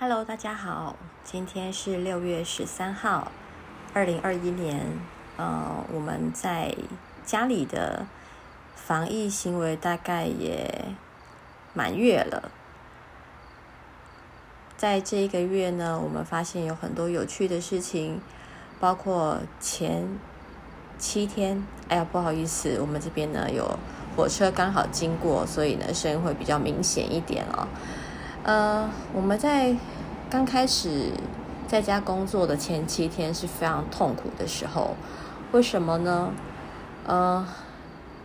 Hello，大家好，今天是六月十三號，二零二一年。呃，我們在家裡的防疫行為大概也滿月了。在這一個月呢，我們發現有很多有趣的事情，包括前七天。哎呀，不好意思，我們這邊呢有火車剛好經過，所以呢聲音會比較明顯一點哦。呃，我們在剛開始在家工作的前七天是非常痛苦的時候，為什麼呢？呃，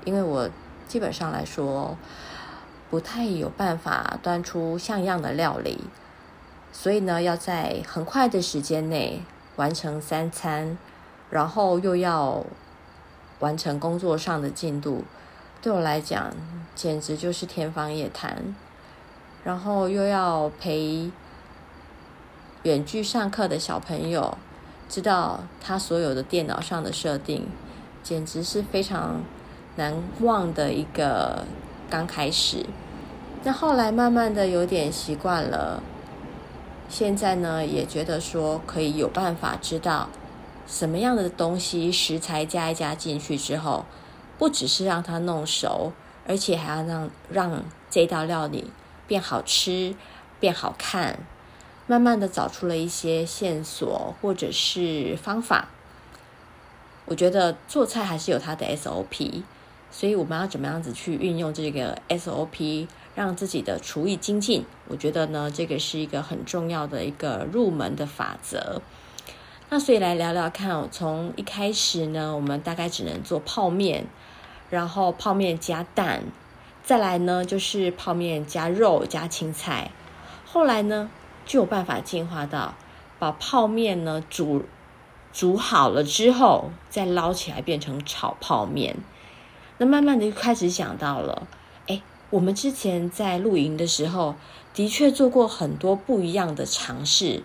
因為我基本上來說不太有辦法端出像樣的料理，所以呢，要在很快的時間內完成三餐，然後又要完成工作上的進度，對我來講簡直就是天方夜譚。然後又要陪遠距上課的小朋友，知道他所有的電腦上的設定，簡直是非常難忘的一個剛開始。那後來慢慢的有點習慣了，現在呢也覺得說可以有辦法知道什麼樣的東西食材加一加進去之後，不只是讓它弄熟，而且還要讓讓這道料理。變好吃，變好看，慢慢的找出了一些線索或者是方法。我覺得做菜還是有它的 SOP，所以我們要怎麼樣子去運用這個 SOP，讓自己的廚藝精進，我覺得呢，這個是一個很重要的一個入門的法則。那所以來聊聊看哦，從一開始呢，我們大概只能做泡麵，然後泡麵加蛋。再來呢，就是泡面加肉加青菜。後來呢，就有辦法進化到把泡面呢煮煮好了之後，再撈起來變成炒泡面。那慢慢的就開始想到了，誒，我們之前在露營的時候，的確做過很多不一樣的嘗試。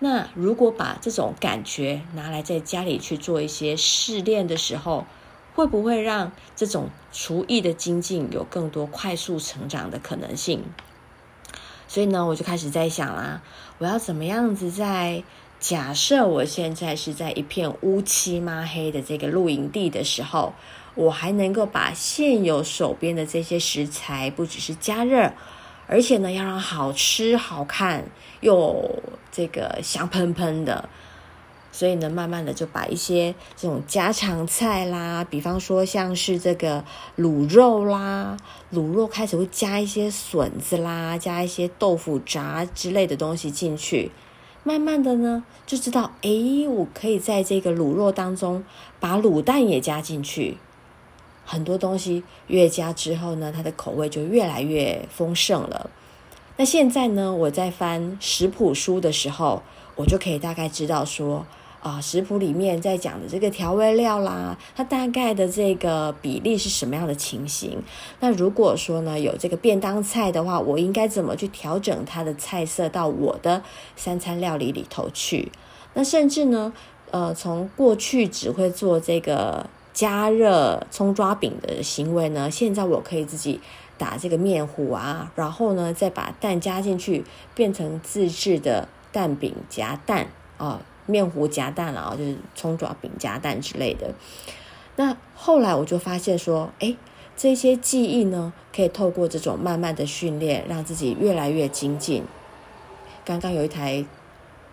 那如果把這種感覺拿來在家裡去做一些試驗的時候，會不會讓這種廚藝的精進有更多快速成長的可能性？所以呢，我就開始在想啦、啊，我要怎麼樣子在假設我現在是在一片烏漆抹黑的這個露營地的時候，我還能夠把現有手邊的這些食材，不只是加熱，而且呢，要讓好吃、好看，又這個香噴噴的。所以呢，慢慢的就把一些這種家常菜啦，比方說像是這個滷肉啦，滷肉開始會加一些筍子啦，加一些豆腐渣之類的東西進去。慢慢的呢，就知道，誒，我可以在這個滷肉當中把滷蛋也加進去。很多東西越加之後呢，它的口味就越來越豐盛了。那現在呢，我在翻食譜書的時候，我就可以大概知道說，啊，食譜裡面在講的這個調味料啦，它大概的這個比例是什麼樣的情形？那如果說呢，有這個便當菜的話，我應該怎麼去調整它的菜色到我的三餐料理裡頭去？那甚至呢，呃，從過去只會做這個加熱蔥抓餅的行為呢，現在我可以自己打這個麵糊啊，然後呢，再把蛋加進去，變成自製的蛋餅夾蛋啊。面糊夾蛋啊，就是蔥抓餅夾蛋之類的。那後來我就發現說，哎，這些記憶呢，可以透過這種慢慢的訓練，讓自己越來越精進。剛剛有一台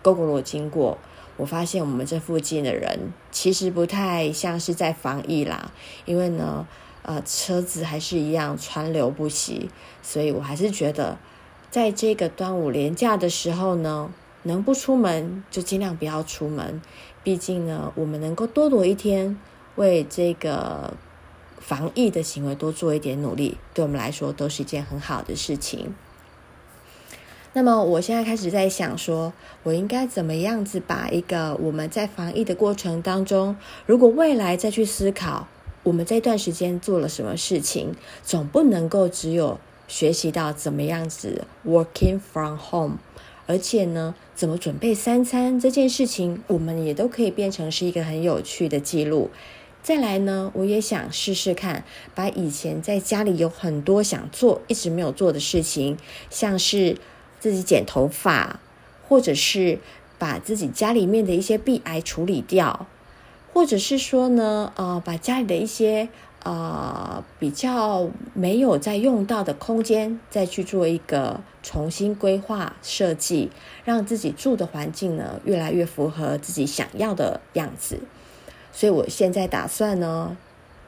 Gogoro 經過，我發現我們這附近的人其實不太像是在防疫啦，因為呢，呃，車子還是一樣川流不息。所以我還是覺得，在這個端午連假的時候呢。能不出門就儘量不要出門，畢竟呢，我們能夠多躲一天，為這個防疫的行為多做一點努力，對我們來說都是一件很好的事情。那麼，我現在開始在想說，說我應該怎麼樣子把一個我們在防疫的過程當中，如果未來再去思考，我們這段時間做了什麼事情，總不能夠只有學習到怎麼樣子 working from home。而且呢，怎麼準備三餐這件事情，我們也都可以變成是一個很有趣的記錄。再來呢，我也想試試看，把以前在家裡有很多想做一直沒有做的事情，像是自己剪頭髮，或者是把自己家裡面的一些壁癌處理掉，或者是說呢，呃，把家裡的一些。啊、呃，比較沒有再用到的空間，再去做一個重新規劃設計，讓自己住的環境呢，越來越符合自己想要的樣子。所以我現在打算呢，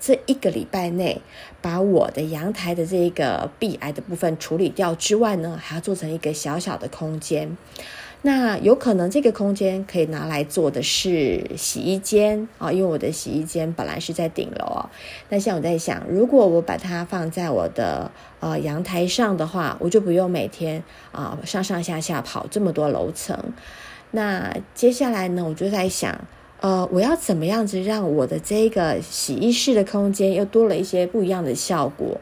這一個禮拜內，把我的陽台的這一個壁癌的部分處理掉之外呢，還要做成一個小小的空間。那有可能這個空間可以拿來做的是洗衣間啊、哦，因為我的洗衣間本來是在頂樓哦，那現在我在想，如果我把它放在我的呃陽台上的話，我就不用每天啊、呃、上上下下跑這麼多樓層。那接下來呢，我就在想，呃，我要怎麼樣子讓我的這個洗衣室的空間又多了一些不一樣的效果？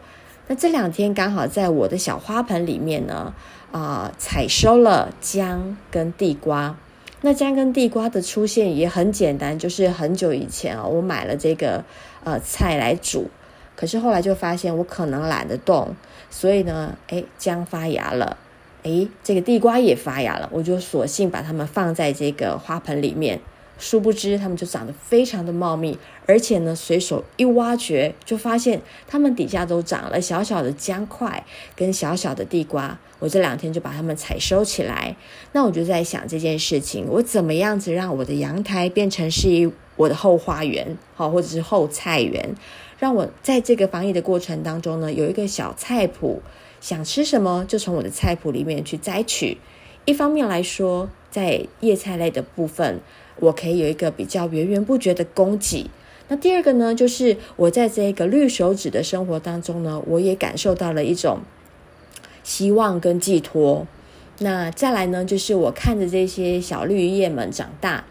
那這兩天剛好在我的小花盆裡面呢，啊、呃，採收了薑跟地瓜。那薑跟地瓜的出現也很簡單，就是很久以前啊、哦，我買了這個呃菜來煮，可是後來就發現我可能懶得動，所以呢，哎，薑發芽了，誒，這個地瓜也發芽了，我就索性把它們放在這個花盆裡面。殊不知，他們就長得非常的茂密，而且呢，隨手一挖掘，就發現他們底下都長了小小的薑塊跟小小的地瓜。我這兩天就把它們採收起來。那我就在想這件事情，我怎麼樣子讓我的陽台變成是一個我的後花園，或者是後菜園，讓我在這個防疫的過程當中呢，有一個小菜譜，想吃什麼就從我的菜譜裡面去摘取。一方面來說，在葉菜類的部分，我可以有一個比較源源不絕的供給。那第二個呢，就是我在這個綠手指的生活當中呢，我也感受到了一種希望跟寄託。那再來呢，就是我看着這些小綠葉們長大，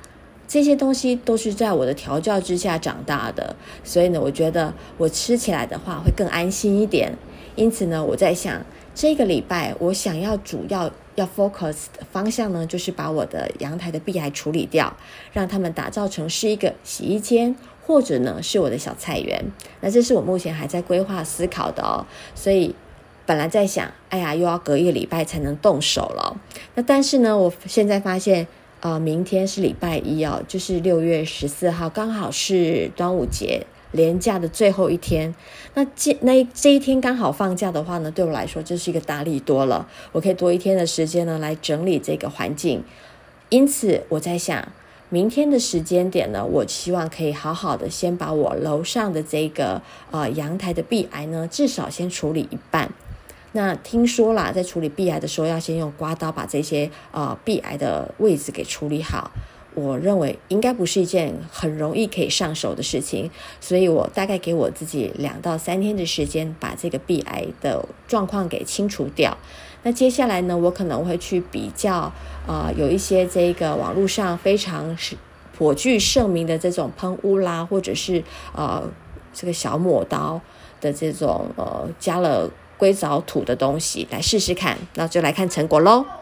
這些東西都是在我的調教之下長大的，所以呢，我覺得我吃起來的話會更安心一點。因此呢，我在想這個禮拜我想要主要，要 focus 的方向呢，就是把我的陽台的壁癌處理掉，讓他們打造成是一個洗衣間，或者呢是我的小菜園。那這是我目前還在規劃思考的哦。所以本來在想，哎呀，又要隔一個禮拜才能動手了。那但是呢，我現在發現，啊、呃，明天是禮拜一哦，就是六月十四號，剛好是端午節。年假的最後一天，那這那一這一天剛好放假的話呢，對我來說就是一個大利多了，我可以多一天的時間呢來整理這個環境。因此，我在想，明天的時間點呢，我希望可以好好的先把我樓上的這個呃陽台的壁癌呢，至少先處理一半。那聽說啦，在處理壁癌的時候，要先用刮刀把這些呃壁癌的位置給處理好。我認為應該不是一件很容易可以上手的事情，所以我大概給我自己兩到三天的時間，把這個壁癌的狀況給清除掉。那接下來呢，我可能會去比較，呃，有一些這個網絡上非常是頗具盛名的這種噴霧啦，或者是呃這個小抹刀的這種呃加了硅藻土的東西來試試看，那就來看成果嘍。